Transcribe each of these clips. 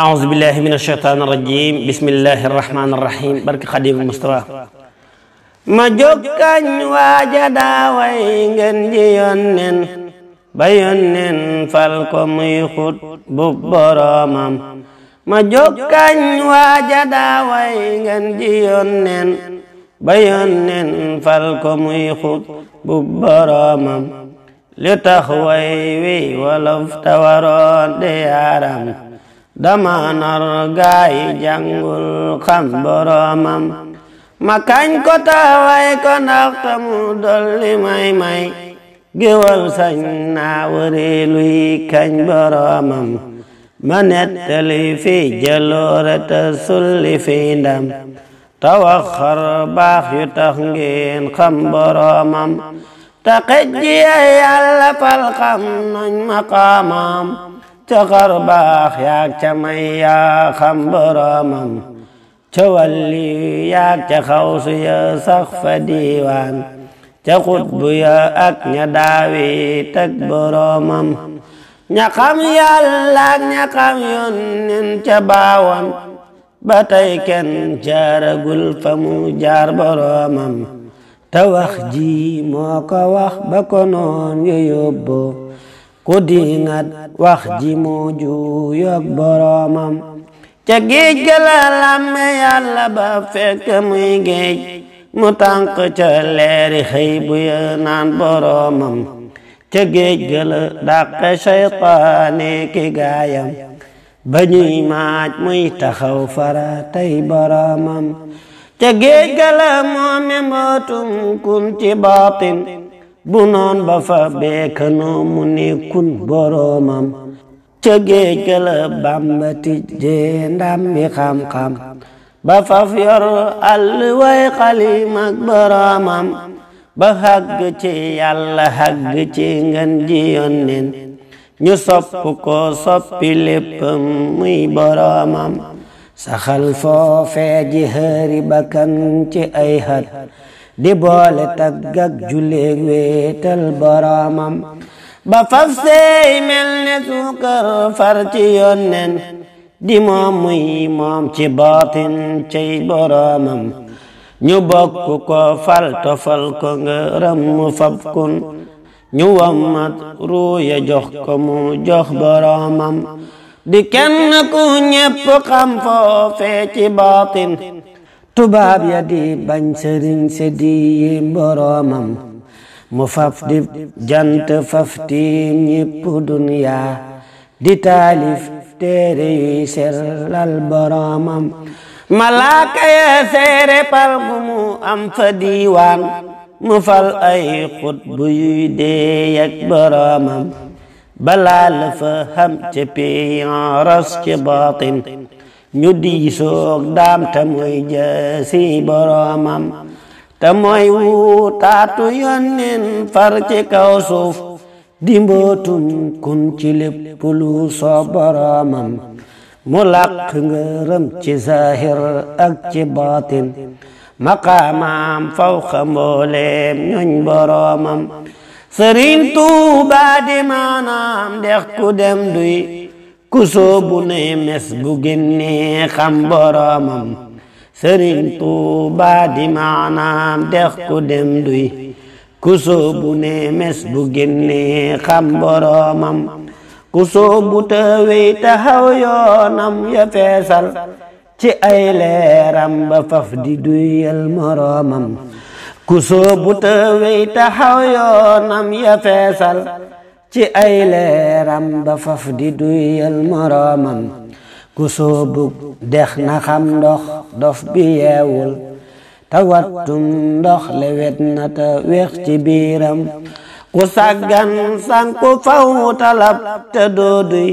أعوذ بالله من الشيطان الرجيم بسم الله الرحمن الرحيم برك خديم المستوى ما جوكان واجدا وينغن جيونن بيونن فالكم يخد ببرامم ما جوكان واجدا وينغن جيونن بيونن فالكم يخد ببرامم لتخوي ولفتورون ديارم dama gaay jàngul xam ma kañ ko taaway ko ndaxte mu dolli may may géwal sañ naa wëri kañ boromam ma nettali fi jaloore te sulli fi ndam te wax xar baax yu tax ngeen xam boromam te xejji ay fal xam nañ maqaamam ca xar baax yaag ca may yaa xam boromam ca walli yaag ca xawsu ya sax fa diiwaan ca xutbu ya ak ña daawi tag boromam xam yàlla ak ña xam yónnen ca baawan ba tey kenn jaaragul fa mu jaar boromam wax ji moo wax ba ko noon yo ku dingat wax ji mu juyoog boroomam ca géej ga la làmme ba fekk muy géej mu tànk leeri xëy bu ya ca géej ga la dàqe ki gaayam ba ñuy maaj muy taxaw fara tey boroomam ca géej ga la moome mbootum kun ci baatin bu noon ba fa beekanoo mu ni kun boroomam ca géej ga la Bàmba tijjee ndam bi xam-xam ba faf yor àll way xalim ak boroomam ba xàgg ci yàlla xàgg ci ngan ji yónneen ñu sopp ko soppi léppam muy boroomam saxal foofee ji xëri bakkan ci ay xat di boole tagg ak julleeg wéetal boroomam ba faf sey mel ne suukar far ci yónneen di moom muy moom ci baatin cey boroomam ñu bokk ko fal tofal ko ngërëm mu fab kun ñu wammat ruuya jox ko mu jox boroomam di kenn ku ñepp xam foofee ci baatin tubaab ya di bañ se di yi boroomam mu faf di jant faf tiim ñépp duniya di taalif téere yuy sellal boroomam malaaka ya seere pal gu am fa diiwaan mu fal ay xutbu yuy dee ak boroomam balaa la fa xam ca piyan ros ci baatin nyudi sok dam tamoy jasi boromam tamoy wu taatu yonnen far ci kaw suuf dimbootum kun ci lépp lu soob boromam mu làq ngërëm ci zahir ak ci batin maqaamaam fawqa mbooleem ñoñ boromam sëriñ tuuba di maanaam dex ku dem duy ku bu ne bu génnee xam boroomam sëriñ tuuba dex ku dem duy ku soobu ne bu génnee xam boroomam ku soobu te wey ya feesal ci ay leeram ba faf di duyal moroomam ku soobu te wey ya feesal ci ay leeram ba faf di duyal moroomam ku sóobu dex na xam ndox dof bi yeewul tawattum ndox lewet na ta weex ci biiram ku sàggan sànku faw talab te doo duy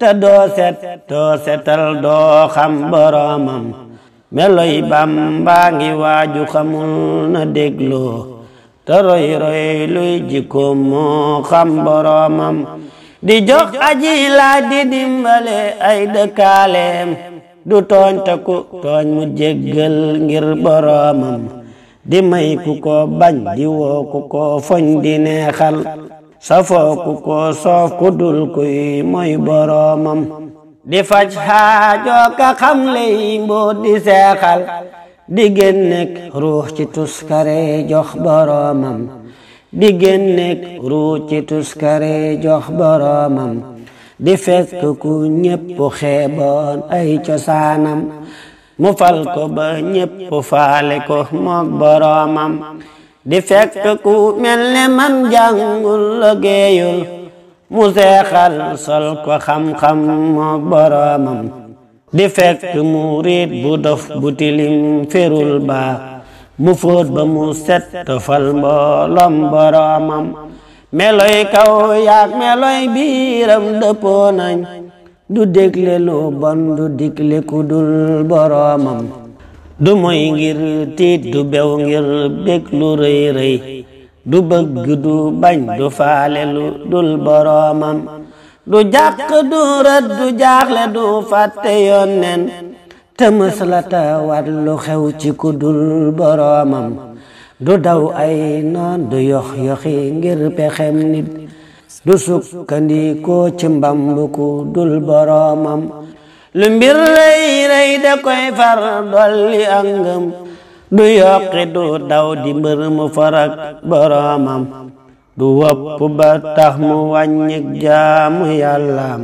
te doo set doo setal doo xam boroomam meloy Bàmba ngi waaju xamul na dégloo te roy roy luy jikkoom moo xam boroomam di jox aji laa di dimbale ay dëkkaaleem du tooñ te ku tooñ mu jéggal ngir boroomam di may ku ko bañ di woo ku ko foñ di neexal safoo ku ko soof ku dul kuy mooy boroomam di faj xaajoo ka xam ley mboot di seexal diggéen nekk ruux ci tuskare jox boroomam diggéen nekk ruux ci tuskare jox boroomam di ku ñépp xeeboon ay cosaanam mu fal ko ba ñépp faale ko moog boroomam di ku mel ne man jàngul liggéeyul mu seexal sol ko xam-xam moog boroomam di fekk murit bu dof bu tilim ferul baax mu fóot ba mu set tofal mbooloom boroomam meloy kaw yaak meloy biiram dëppoo du dégle lu bon du digle ku dul boroomam du moy ngir tiit du bew ngir bég rëy rëy du bëgg du bañ du faale lu dul boroomam du jak du rad du le du fatte yonen te xew ci kudul dul du daw ay non du yox yoxi ngir pexem nit du ko ci mbambu ku dul boromam lu mbir ray rëy da koy far dolli angam du yokki du daw di mbeur mu farak boromam du wopp ba tax mu wàññik jaamu yàllaam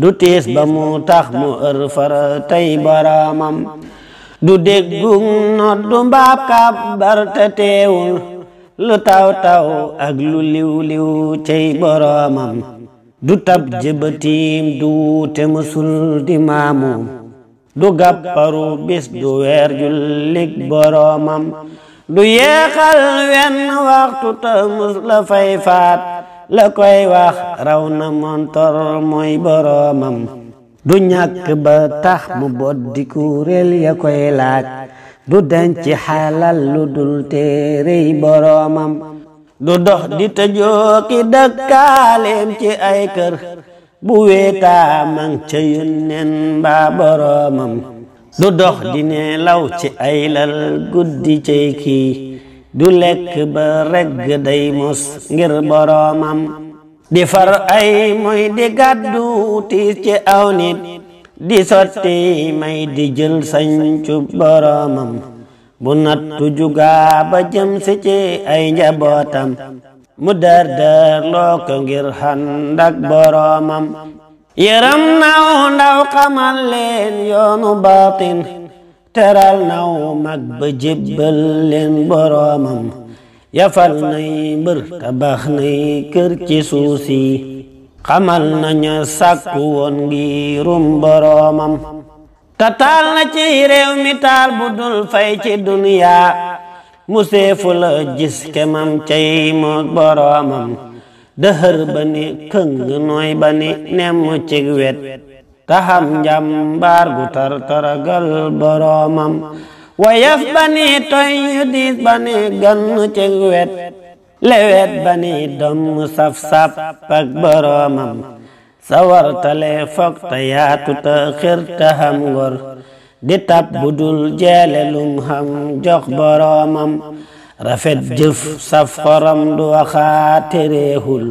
du tiis ba mu tax mu ër tey baraamam du déggug noot mbaab kàbbar te teewul lu taw taw ak lu liw liw cey boroomam du tab jëbatiim du wuute musul di maamu du gàpparu bis du weer jullik boroomam du yeexal wenn waxtu te la fay faat la koy wax raw na montor mooy boroomam du ñàkk ba tax mu bot di kuréel ya koy laaj du ci xalal lu dul téerey boroomam du dox di tëjoo dëkkaaleem ci ay kër bu weetaa mang ca yunnen mbaa boroomam du dox di law ci ay lal guddi cey du lekk ba regg day mos ngir boroomam di far ay moy di gàddu tiis ci aw nit di sotti may di jël sañcu boroomam bu nattu jugaa ba jëm si ci ay njabootam mu dardar loo ko ngir xànd ak Iram naon ndaw kamal leen batin teral naw mag ba jébbal yafal nay mbër tabax nay kër ci nanya si xamal nañu sàkku woon na ci rew mi taal fay ci la gis kemam cay boromam dëhër ba ni këng nooy ba ni nemm cig wet ka xam gu tar taragal boroomam wayaf ba ni toy yu diis ba gann cig wet lewet ba ni domm saf-sap ak boroomam sawartale fog te yaatu te xir te ngor di tab budul jeele lum xam jox boroomam rafet jëf saf xorom du waxaate réexul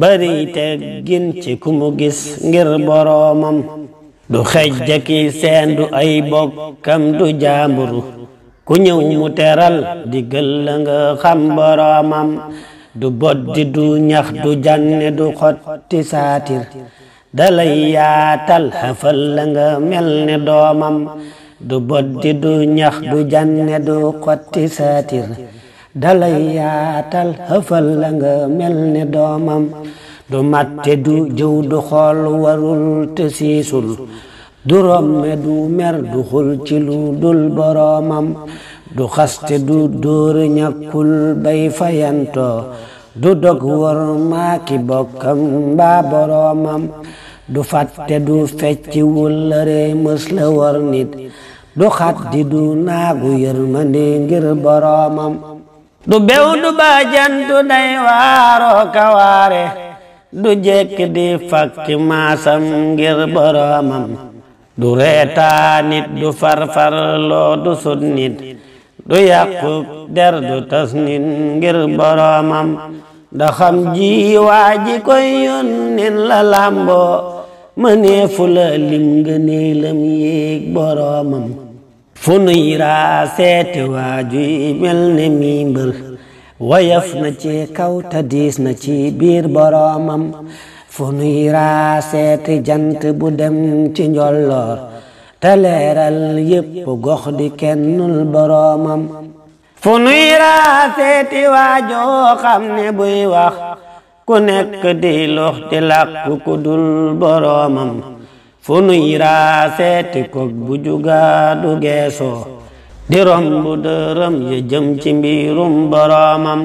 bari teggin ci ku mu gis ngir boroomam du xej jëkki seen du ay bokkam du jaambur ku ñëw mu teral di gël la nga xam boroomam du boddi du ñax du janne du xotti saatir dalay yaatal xafal la nga mel ne doomam du boddi du ñax du janne du xotti saatir dalay yaatal xëfal la nga mel ni doomam du matte du jëw du xool warul te du romme du mer du xul ci lu dul boroomam du xaste du dóore ñàkkul bay fayantoo du dog war maaki bokkam mbaa boroomam du fàtte du fecci wul lëre mës la war nit du xaddiduna gu yërmande ngir boroomam du bew du baajantu day waro kaware du jek di fakki masam ngir boromam du reta nit du lo du sunnit nit du yakuk der du tas nit ngir boromam da xam ji waji ji koy yónneen la lambo mënee fula la lim ngëneelam fu nuy raaseet waajuy mel ne mi mbër woyof na ci kaw ta diis na ci biir boroomam fu nuy raaseet jant bu dem ci njolloor te leeral yépp gox di kennul boroomam fu nuy raaseeti waajoo xam ne buy wax ku nekk di lux di làkk ku dul boroomam fu nu yiraa seeti kog bu jugaa di romb dërëm ya ci mbirum boroomam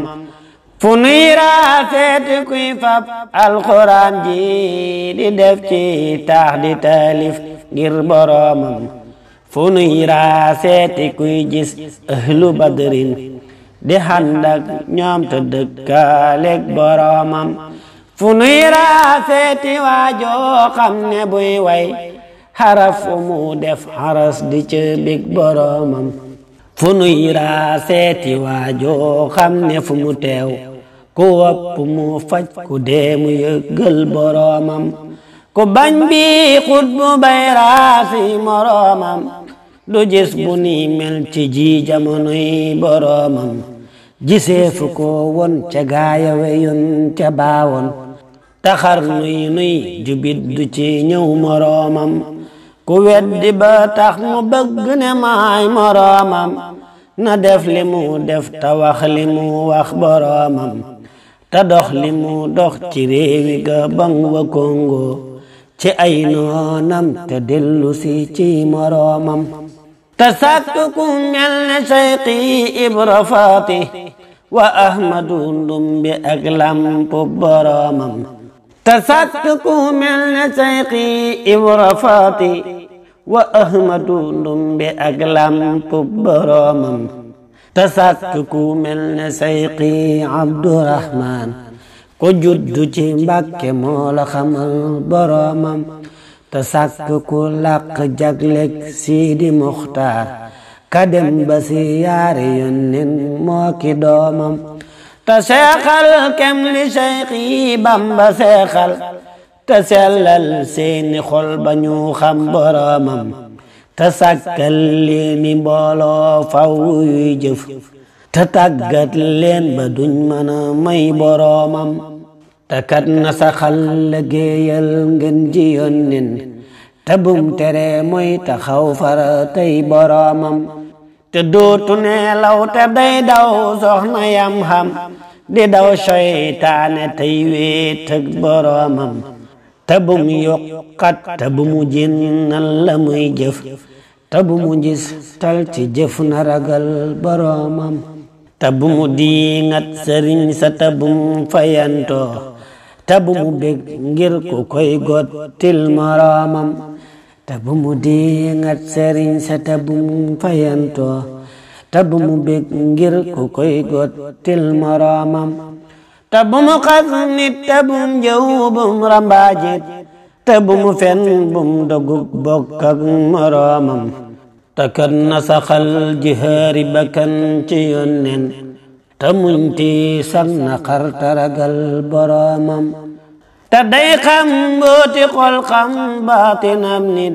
fu nu yiraa seeti kuy fab alxuraan ji di def ci taax di taalif ngir boroomam fu nu yiraa seeti kuy gis ahlu badrin di xandak ñoom te dëkkaaleeg boroomam fu nuy raafeeti waajoo xam ne buy way xaraf mu def xaras di ca bég boroomam fu nuy raafeeti waajoo xam ne fu teew ku wopp faj ku dee mu yëggal boroomam ku bañ bi xut bu bay raafi moroomam du gis bu ni ci ji jamonoy boroomam gisee fu ko won ca gaaya weyun ca baawoon takhar nuy nuy jubit du ci ñew moromam ku weddi ba tax mu bëgg ne may moromam na def limu def ta wax limu wax boromam ta dox limu dox ci ga bang wa kongo ci ay nonam te delu ci ci moromam te ku mel ne Seyxi Ibra Faati wa Ahmadu Ndumbi ak lampu ترساتكو من نسيقي إبرفاتي وأحمد نم بأقلام كبرام ترساتكو من نسيقي عبد الرحمن كجد جيمبك مول خمال برامم تسككو لق جغلك سيد مختار كدم بسياري ينن موكي دومم تساخل كم لشيخي بم بساخل تسلل سين خل بنيو خم برامم تسكل لين مبالو فو يجف تتقت لين بدون منا مي برامم تكر نسخل لقيل غنجي ينن تبوم تري مي تخوفر تي برامم te dootu neelaw te day daw soxna yam xam di daw seytaane tey wéet boroomam te bu mu yokkat te bu mu jinnal la muy jëf te bu mu gis tal ci jëf na ragal boroomam te bu mu diingat sëriñ sa te bu mu fayantoo te bu mu bég ngir ku gottil moroomam tabumu di ngat sëriñ sa tabumu fayanto tabumu bég ngir ku koy til maramam tabumu xas nit tabum jëw rambajit tabumu fen bum dogub bok ak maramam takan jihari saxal bakan bakkan ci sang nakar taragal te day xam mbooti xol xam baatinam nit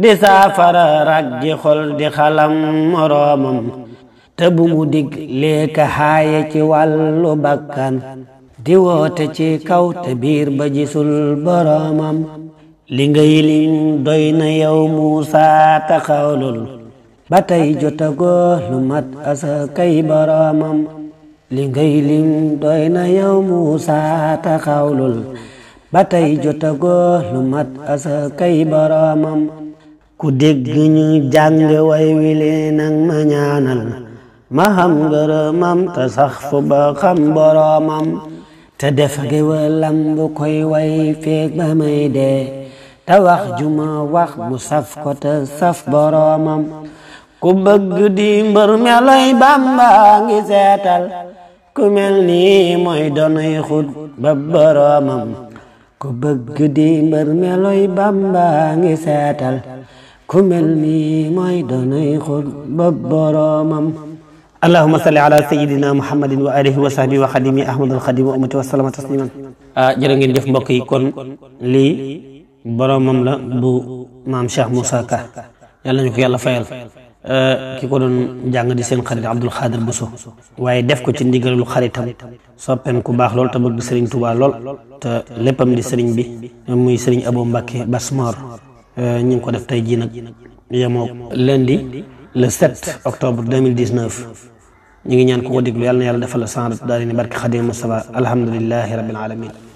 di saafara rag ji di xalam moroomam te bu mu dig leeka xaaye ci wàllu bakkan di woote ci kaw te biir ba jisul boroomam li ngay liñ doy na yow muusa taxawlul ba tey jotagoo lu mat asa kay boroomam li ngay liñ doy na yow muusa taxawlul batay jotago lu lumat asa kay baramam ku dégg ñu way wile nang ma ñaanal ma xam ngërëmam te sax fu ba xam baramam ta def ge walam bu koy way ba may juma wax mu saf ko ta saf baramam ku bëgg di melay bamba ngi setal ku melni moy donay xut ba ku bëgg di mbër meloy bamba ngi seetal ku mel ni mooy doonay xul bëb boroomam allahuma salli ala sayidina muhammadin wa alihi wa sahbihi wa xadimi ahmadul xadim wa ummati wa salama tasliman ah jërë ngeen jëf mbokk yi kon lii boroomam la bu maam Cheikh Moussa Ka yàlla nañu ko fayal Eh, ki ko doon jàng di seen xarit Abdul Xaadir Buso waaye def ko ci ndigalul xaritam soppeem ku baax lool te bëgg sëriñ Tuubaa lool te léppam di sëriñ bi muy sëriñ Abo Mbàkke Basmor eh, ñu ngi ko def tey jii nag yemoo lundi di 7 octobre 2019 ñu ngi ñaan ku ko déglu yàlla na yàlla defal la sànq daal di ne barke Xaadim Mustafaa alhamdulilahi rabbil alamin